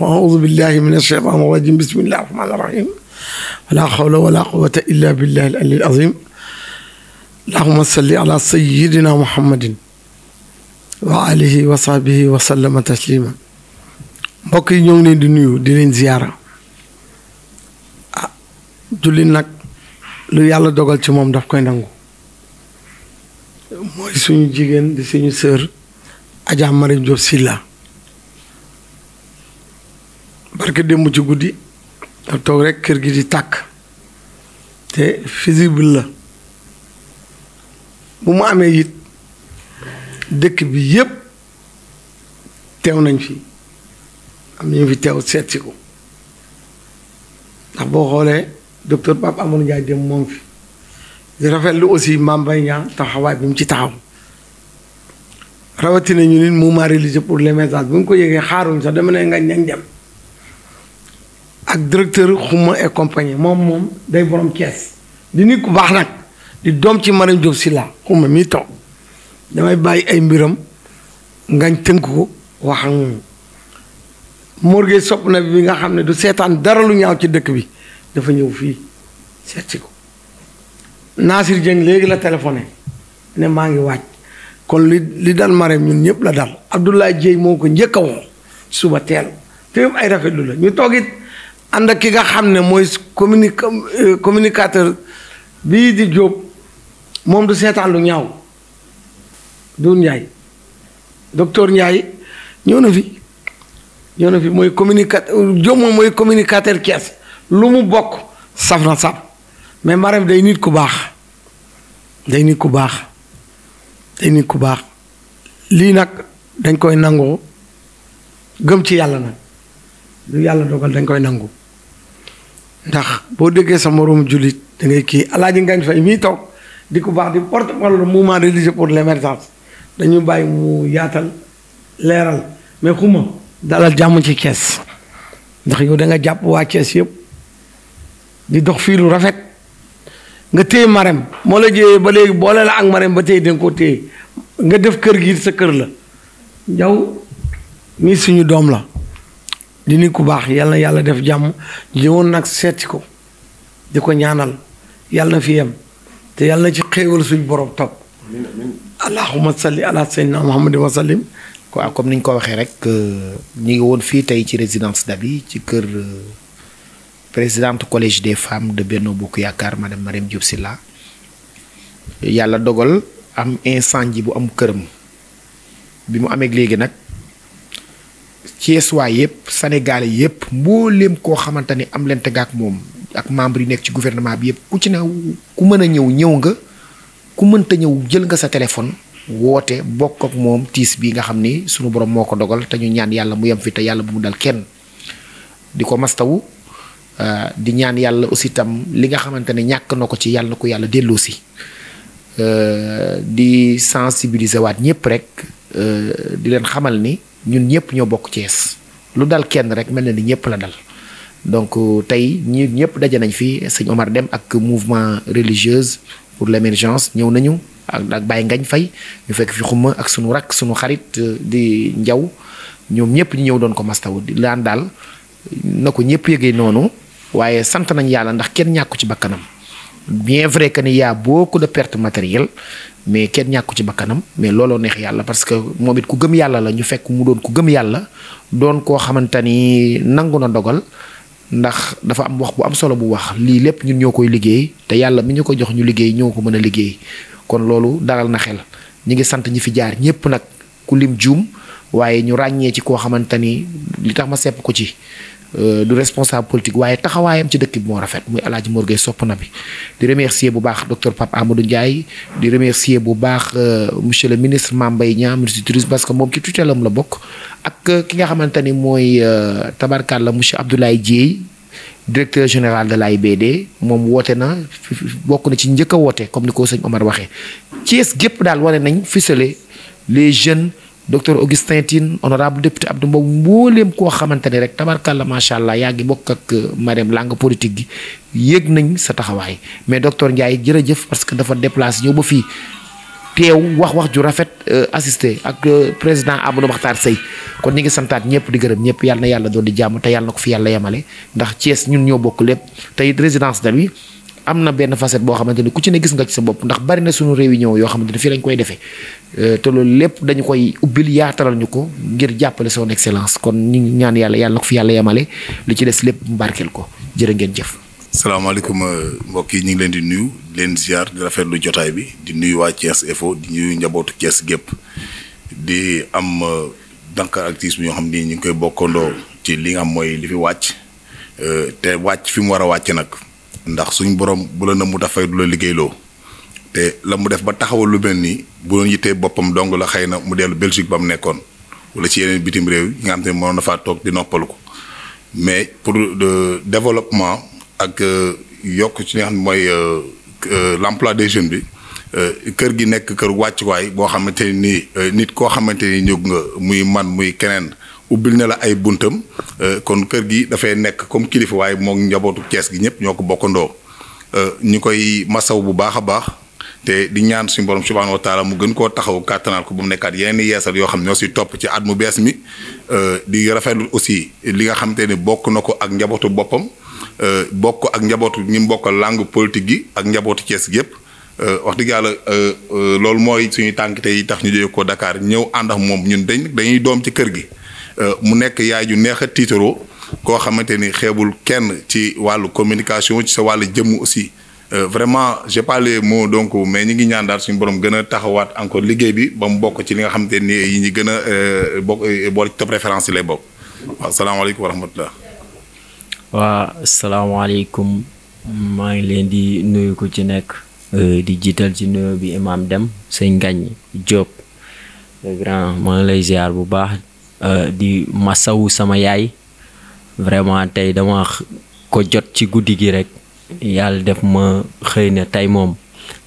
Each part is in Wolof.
audu billahi min alcheytan irrajim bismillahi irrahmani irrahim wala hawla wala quwata illa billah al ali azim allahuma salli ala sayidina muhammadin wa alihi wa sahbihi wa sallama taslima mbokk yi ñoo ngi leen di nuyu di leen ziyaara ah nag lu yàlla dogal ci moom daf koy nangu mooy suñu jigéen di suñu sœur Adja Marie Diop Sylla barke démb ci guddi a toog rek kër gi di tàkk te visible la bu mu amee it dëkk bi yépp teew nañ fi am ñu fi teew seetsi ko ndax boo xoolee docteur Pape amul Ndiaye dem moom fi di rafetlu aussi bay Mbaye Niang taxawaay bi mu ci taxaw rawatina ñu nit mouvement religieux pour l'émergence bu mu ko yëgee xaaruñ sax dama ne nga ñañ dem ak directeur xuma et compagnie moom moom day borom kees di nit ku baax nag di doom ci Mariam Diop si laa xuma mii toog damay bàyyi ay mbiram ngañ tënk ko wax ak moom Morgue sopp na bi nga xam ne du seetaan dara lu ñaaw ci dëkk bi dafa ñëw fii seet si ko Nasir Dieng léegi la téléphoné ne maa ngi wàcc kon li li dal Marème ñun ñëpp la dal Abdoulaye Dieye moo ko njëkk a woo suba teel te yëpp ay rafetlu la ñu toog ànd ak ki nga xam ne mooy communi euh, communicateur bii di Jóob moom du seetaan lu ñaaw du Njaay docteur Njaay ñëw na fi ñëw na fi mooy communicateur Jóob mooy communicateur Thiès lu mu bokk saf na saf mais Marème day nit ku baax day nit ku baax day nit ku baax lii nag dañ koy nangoo gëm ci yàlla nag lu yàlla dogal dañ koy nangu ndax boo déggee sa moroom jullit da ngay kii alaaji Ngagne Faye mii toog di ko baax di porte-parole mouvement religieux pour l'émergence dañu bàyyi mu yaatal leeral mais xuma dalal jàmm ci Thiès ndax yow da jàpp waa Thiès yëpp di dox fii lu rafet nga téye marem moo la jëyee ba léegi boole la ak marem ba tey da nga téye nga def kër gi sa kër la yow mii suñu doom la di nit ku baax yal na yàlla def jàmm ñëwoon nag seeti ko di ko ñaanal yàlla na fi yem te yàlla na ci xéewal suñ borom topp ma salli ala sayyidina muhammadin wa sallim waaw comme ni ñu ko waxee rek euh, ñu ngi woon fii tey ci résidence d'Aby ci kër euh, présidente collège des femmes de Benno Bokk Yaakaar madame Mariam Diop Sylla yàlla dogal am instant ji bu am këram bi mu amee léegi nag Thiessois yëpp Sénégalais yëpp mbooleem koo xamante ni am leen tegaak moom ak membre yi nekk ci gouvernement bi yëpp ku ci ne ku mën a ñëw ñëw nga ku mënta ñëw jël nga sa téléphone woote bokk ak moom tiis bi nga xam ni sunu borom moo ko dogal te ñu ñaan yàlla mu yem fi te yàlla bu mu dal kenn di ko mastawu euh, di ñaan yàlla aussi tam li nga xamante ne ñàkk na ko ci yàlla ko yàlla delloo si euh, di sensibiliser waat ñëpp rek euh, di leen xamal ni ñun ñëpp ñoo bokk Thiès lu dal kenn rek mel na ni ñëpp la dal donc euh, tey ñi ñëpp daje nañ fi sëñ Omar Dem ak mouvement religieuse pour l'émergence ñëw nañu ak ak Baye Ngañ Fay ñu fekk fi xuma ak sunu rak sunu xarit euh, di njaw ñoom ñëpp ñu ñëw doon ko wu di laan daal na ko ñëpp yëgee noonu waaye sant nañ yàlla ndax kenn ñàkku ci bakkanam bien vrai que ni y a beaucoup de pertes matérielles mais kenn ñàkku ci bakkanam mais looloo neex yàlla parce que moom it ku gëm yàlla la ñu fekk mu doon ku gëm yàlla doon koo xamante ni nangu na dogal ndax dafa am wax bu am solo bu wax lii lépp ñun ñoo koy liggéey te yàlla mi ñu ko jox ñu liggéey ñoo ko mën a liggéey kon loolu dalal na xel ñi ngi sant ñi fi jaar ñépp nag ku lim juum waaye ñu ràññee ci koo xamante ni li tax ma sepp ko ci Euh, du responsable politique waaye taxawaayam ci dëkk bi moo rafet muy El Hadj Mor Gueye sopp na bi di remercier bu baax docteur Pape Amadou Ndiaye di remercier bu baax euh, monsieur le ministre Mame Mbaye Niang ministre du parce que moom ci tutelam la bokk ak euh, ki nga xamante ni mooy la monsieur Abdoulaye Dieye directeur général de la l'AIBD moom woote na bokk na ci njëkk a woote comme ni ko sëñ Omar waxee Thiès gépp daal wane nañ fisale les jeunes docteur Augustin Tine honorable député Abdou Mbow mbooleem koo xamante ne rek tabarkàlla macha allah yaa ngi bokk ak euh, Marème langue politique gi yéeg nañ sa taxawaay mais docteur Ndiaye jërëjëf parce que dafa déplace ñëw ba fii teew wax wax ju rafet euh, assisté ak euh, président Amadou Makhtar Seye kon ñi ngi santaat ñëpp di gërëm ñëpp yàlla yàlla dool di jàmm te yàlla ko fi yàlla yemale ndax Thiès ñun ñoo bokk lépp tey résidence de bi am na benn facet boo xamante ni ku ci ne gis nga ci sa bopp ndax bari na suñu ñëw yoo xamante ni fii lañ koy defee euh, te loolu lépp dañu koy ubbil yaatalal ñu ko ngir jàppale son excellence kon ñu ñaan yàlla yàlla na ko fi yàlla yemale li ci des lépp mbarkeel ko jërë ngeen jëf. salaamaaleykum euh, mbokk yi ñu ngi leen di nuyu di leen ziar di lu jotaay bi di nuyu waa Thiès Info di nuyu njabootu Thiès gépp di am euh, Dakar Actus bi ñoo xam ni ñu ngi koy bokkandoo ci li nga xam mooy li fi wàcc te wàcc fi mu war a wàcc nag. ndax suñ borom bu la na mu dafay du la liggéeyloo te la mu def ba taxawal lu mel nii bu doon yittee boppam dong la xëy na mu dellu Belgique ba mu nekkoon wala ci yeneen bitim réew yi nga xam te toog di noppalu ko mais pour développement ak euh, yokk ci li ne mooy euh, euh, l'emploi des jeunes bi kër gi nekk kër wàccuwaay boo xamante ni nit koo xamante ni ñëw nga muy man muy keneen ubbil na la ay buntam euh, kon kër gi dafay nekk comme kilifa waaye moom njabootu Cees gi ñëpp ñoo ko bokkandoo euh, ñu koy masaw bu baax a baax te di ñaan suñu borom subhaana wa taala mu gën koo taxaw kàttanal ko ba mu nekkaat yeneen yeesal yoo xam ne ñoo si topp ci at mu bees mi euh, di rafetlu aussi li nga xam te ne bokk na ko ak njabootu boppam bokk ak njabootu ñi mu bokk langue gi ak njabootu Cees gi yëpp. wax dëgg yàlla loolu mooy suñu tànk yi tax ñu jóge ko Dakar ñëw ànd ak moom ñun dañ dañuy doom ci kër gi. Euh, mu nekk yaay ju neex a tiitaroo koo xamante ni xeebul kenn ci wàll communication ci sa wàll jëmm aussi euh, vraiment j'ai pas les donc mais ñu ngi ñaan daal suñu borom gën a taxawaat encore liggéey bi ba mu bokk ci li nga xamante ni yi ñi gën a euh, bokk boole ci top référence yi lay bokk waaw salaamaaleykum wa rahmatullah maa ngi leen di nuyu ko ci nekk di jiital ci nuyu bi imaam dem sëñ Ngagne Diop le grand maa bu baax Euh, di masawu sama yaay vraiment tey dama ko jot ci guddi gi rek yàlla def ma xëy na tey moom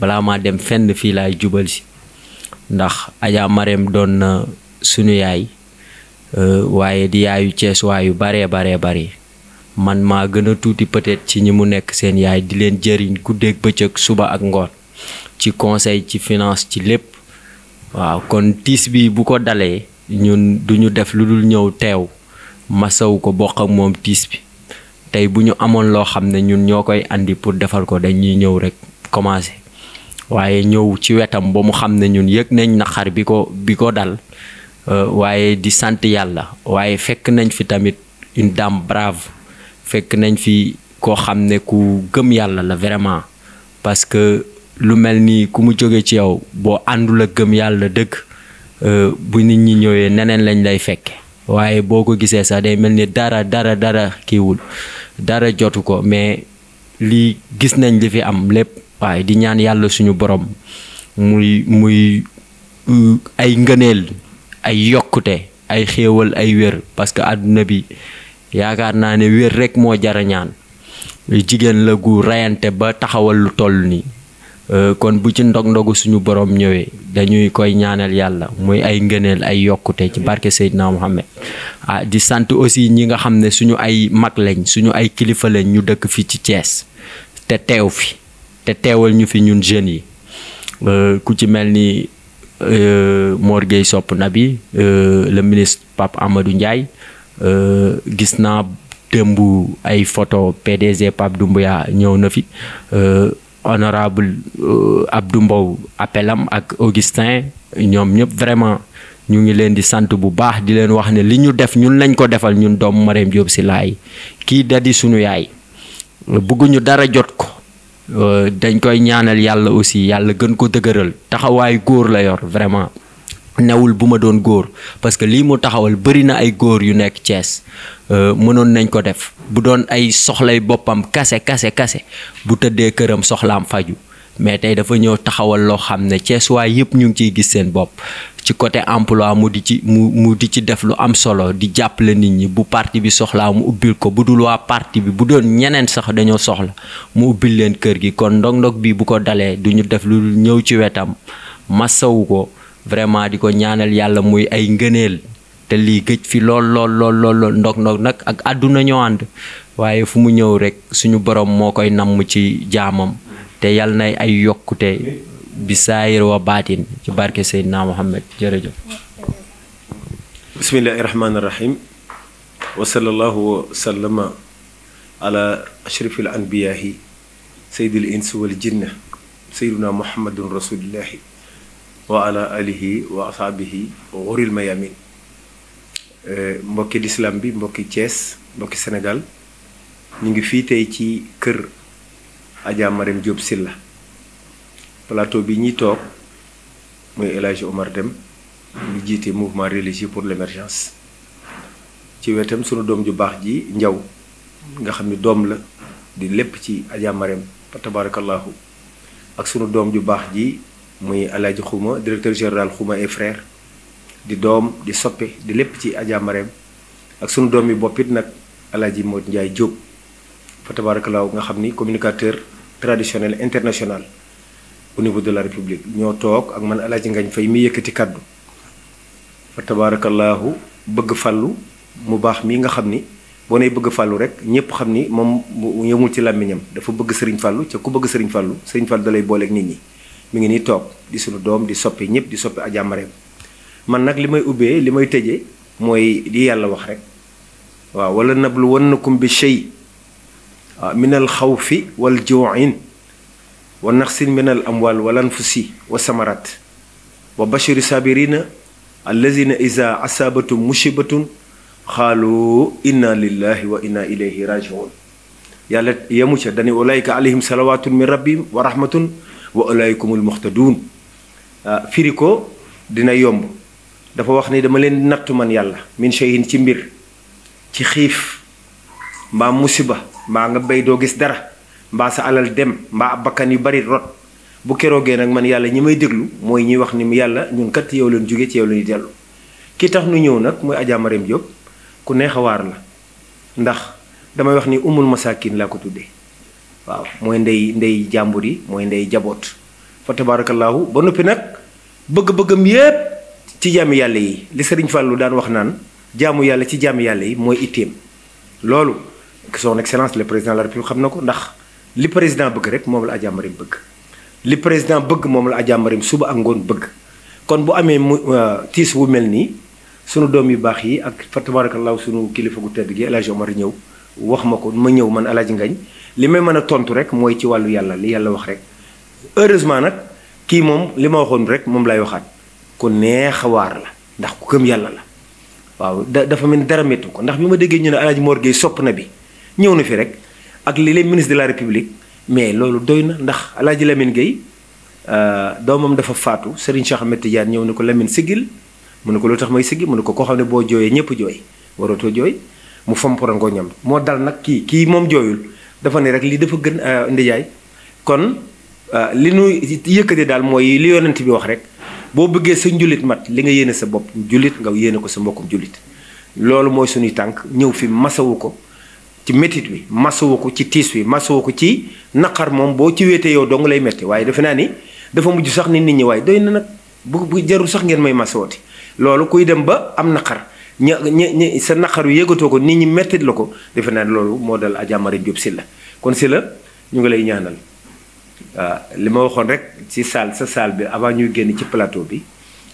balaa maa dem fenn fii laay jubal si ndax Adja doon na sunu yaay euh, waaye di yaayu Cees waayu baree baree bare man maa gën a tuuti peut-être ci ñi mu nekk seen yaay di leen jëriñ guddeeg bëccëg suba ak ngoon ci conseil ci finance ci lépp waaw kon tiis bi bu ko dalee ñun du ñu def lu dul ñëw teew masawu ko bokk moom tiis bi tey bu ñu amoon loo xam ne ñun ñoo koy andi pour defal ko dañuy ñëw rek commencé waaye ñëw ci wetam ba mu xam ne ñun yëg nañ xar bi ko bi ko dal euh, waaye di sant yàlla waaye fekk nañ fi tamit une dame brave fekk nañ fi koo xam ne ku gëm yàlla la vraiment parce que lu mel nii ku mu jóge ci yow boo àndul a gëm yàlla dëkk Euh, bu nit ñi ñëwee neneen lañ lay fekk waaye boo ko gisee sax day mel ni dara dara dara kiiwul dara jotu ko mais lii gis nañ li fi am lépp waaye di ñaan yàlla suñu borom muy muy euh, ay ngëneel ay yokkute ay xéewal ay wér parce que àdduna bi yaakaar naa ne wér rekk moo jara ñaan jigéen la gu rayante ba taxawal lu toll nii Euh, kon bu ci ndog ndogu suñu borom ñëwee dañuy koy ñaanal yàlla muy ay ngëneel ay yokkute ci barke Seydina Mohamed ah di sant aussi ñi nga xam ne suñu ay mag lañ suñu ay kilifa lañ ñu dëkk fii ci Thiès te teew fi te teewal ñu fi ñun jeunes yi euh, ku ci mel ni euh, Mor Gueye Sopp na Nabi le ministre Pape Amadou Ndiaye gis naa démb ay photo PDG Pape Doumbouya ñëw na fi honorable euh, Abdou Mbow appelam ak Augustin ñoom ñëpp vraiment ñu ngi leen di sant bu baax di leen wax ne li ñu def ñun lañ ko defal ñun doomu Mareem Jóob si laay kii da di sunu yaay bëgguñu dara jot ko euh, dañ koy ñaanal yàlla aussi yàlla gën ko dëgëral taxawaay góor la yor vraiment newul bu ma doon góor parce que lii mu taxawal bëri na ay góor yu nekk Thiès euh, mënoon nañ ko def bu doon ay soxlay boppam kase kase kase bu tëddee këram soxlaam faju mais tey dafa ñëw taxawal loo xam ne Thiès waay yëpp ñu ngi ciy gis seen bopp ci côté emploi mu di ci mu mu di ci def lu am solo di jàppale nit ñi bu parti bi soxlaa mu ubbil ko bu dul waa parti bi bu doon ñeneen sax dañoo soxla mu ubbil leen kër gi kon ndog-ndog bi bu ko dalee du ñu def lu ñëw ci wetam masawu ko. vraiment di ko ñaanal yàlla muy ay ngëneel te lii gëj fi lool lool lool lool ndog ndog nag ak àdduna ñoo ànd waaye fu mu ñëw rekk suñu boroom moo koy namm ci jaamam te yàlla na ay yokkute bi saayir wa baatin ci barke Seydina Mohamed jërëjëf bismillahi ala ashrafil anbiyaahi sayyidil insi wal jinne sayyiduna muhammadun rasulillahi wa ala alihi wa asaabihi xuril mayamin eh, mbokki lislaam bi mbokki Thiès mbokki Sénégal ñu ngi fii tey ci kër Adja Marème Diop Sylla plateau bi ñuy toog mooy El Hadj Omar Deme ñu jiite mouvement religieux pour l'émergence ci wetam sunu doom ju baax ji njaw nga xam ni doom la di lépp ci Adja Marème fa tabarakallahu ak sunu doom ju baax ji muy Alaaji Xuma directeur général Xuma et frère di doom di soppe di lépp ci Adja ak sunu doom yi bopp nag nag Alaaji Mod Njaay Jóob fa tabaarakalaaw nga xam ni communicateur traditionnel international au niveau de la république ñoo toog ak man Alaaji Ngañ Fay mi yëkkati kàddu fa tabaarakalaahu bëgg fàllu mu baax mii nga xam ni boo ne bëgg fàllu rek ñëpp xam ni moom yëmul ci làmmiñam dafa bëgg sëriñ fàllu ca ku bëgg sëriñ fàllu sëriñ fàllu dalay booleeg nit ñi mu ngi nii toog di sunu doom di soppi ñëpp di soppi Adja Marème man nag li may ubbee li may tëjee mooy li yàlla wax rek waaw wala nablu wannakum bi shay ah, min al wal juin wa naqsin min al amwal wal anfusi wa samarat wa bashiri sabirina allazina isa asabatum musibatun xaalu inna lillahi wa inna yàlla yemu ca dani ulaika alayhim salawatun min rabbihim wa rahmatun wa ulaikumul muxtaduun ah, firi ko dina yomb dafa wax ni dama leen nattu man yàlla min shay'in ci mbir ci xiif mbaa musiba mbaa nga bay doo gis dara mbaa sa alal dem mbaa ab bakkan yu bari rot bu keroogee nag man yàlla ñi may déglu mooy ñi wax ni mu yàlla ñun kat yow leen jóge ci yow lañu dellu ki tax nu ñëw nag mooy Adja Mariam Diop ku neex la ndax damay wax ni umul masaakin laa ko tuddee waaw mooy ndey ndey jàmbur yi mooy ndey jaboot fa tabaarakallaahu ba noppi nag bëgg-bëggam yépp ci jaami yàlla yi li sëriñ Fallou daan wax naan jaamu yàlla ci jàmm yàlla yi mooy itteem loolu son excellence le président la république xam na ko ndax li président bëgg rek moom la ajàmbarim bëgg li président bëgg moom la ajàmbarim suba ak ngoon bëgg kon bu amee mu euh, tiis wu mel nii sunu doom yu baax yi ak fa tabaarakallaahu sunu kilifa gu tedd gi El Hadj Omar ñëw wax ma ko ma ñëw man Alaaji Ngañ li may mën a tontu rek mooy ci wàllu yàlla li yàlla wax rek heureusement nag kii moom li ma waxoon rek moom lay waxaat ku neex a waar la ndax ku gëm yàlla la waaw da dafa mel ni dara méttu ko ndax bi ma déggee ñu ne Alaaji Mor Gueye sopp na bi ñëw na fi rek ak li leen ministre de la république mais loolu doy na ndax Alaaji Lamine Gueye euh, doomam dafa faatu Serigne Cheikh Ahmed Tidiane ñëw ne ko Lamine siggil mun ne ko lu tax may siggi mu ne ko koo xam ne boo jooyee ñëpp jooy waratoo jooy mu fompura ngooñam moo dal nag kii kii moom jooyul dafa ne rek lii dafa gën ndijaay kon euh, li nuy nu yëkkatee daal mooy li yonent bi wax rek boo bëggee sa njulit mat li nga yéene sa bopp njulit nga yéene ko sa mbokkum njulit loolu mooy suñuy tànk ñëw fi masawu ko ci métit wi masawu ko ci tiis wi masawu ko ci naqar moom boo ci wéetee yow dong lay métti waaye defe naa ni dafa mujj sax ni nit ñi waaye doy na nag bu bu jarul sax ngeen may masawooti loolu kuy dem ba am naqar ña sa naqaru yëgatoo ko nit ñi mettit la ko defe naa loolu moo dal Adja jub si la kon si la ñu ngi lay ñaanal waaw ah, li ma waxoon rek ci saal sa saal bi avant ñuy génn ci palaato bi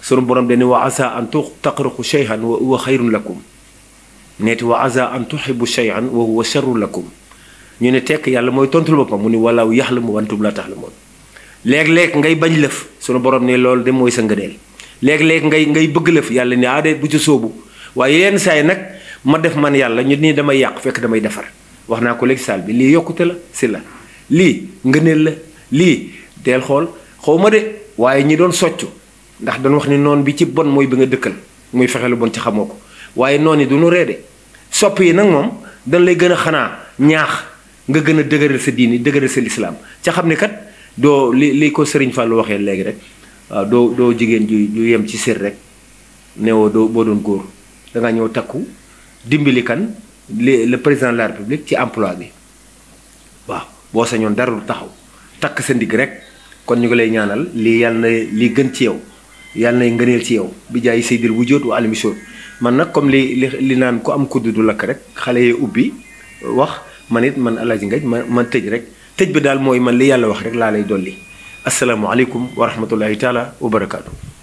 sunu borom dañu wa asa an taqrahu shay'an wa huwa xayrun lakum neeti asa an tuhibu shay'an wa huwa sharrun ñu ne tekk yàlla mooy tontul ko mu ni walaaw yaxlamu wa antum la taxlamoon léeg-léeg ngay bañ lëf sunu borom ne loolu de mooy sa ngëneel léeg-léeg ngay ngay bëgg lëf yàlla ni aade ah, bu ci sóobu waaye yenn saa yi nag ma def man yàlla ñu nii damay yàq fekk damay defar wax naa ko léegi saal bi lii yokkute la si la lii ngëneel la lii deel xool xaw ma de waaye ñi doon soccu ndax doon wax ni noonu bi ci bon mooy bi nga dëkkal muy fexe lu bon ci xamoo ko waaye noon yi du ñu reede sopp yi nag moom dañ lay gën a xanaa ñaax nga gën a dëgëral sa diini dëgëral sa lislaam ca xam ne kat doo li li ko Sëriñ Fallou waxee léegi rek waaw doo doo jigéen ju ju yem ci sér rek newoo doo boo doon góor da nga ñëw takku dimbali kan le président de la république ci emploi bi waaw boo sañoon dara du taxaw takk sa ndigg rek kon ñu ngi lay ñaanal lii yàlla na lii gën ci yow yàlla nay ngëneel ci yow bi jaay seydil wujjóot wa almisoot man nag comme li li li naan ko am kudd du lakk rek xale yi ubbi wax man it man Alaaji Ngañ ma man tëj rek tëj bi daal mooy man li yàlla wax rek laa lay dolli asalaamaaleykum wa rahmatullahi taala wa barakaatu.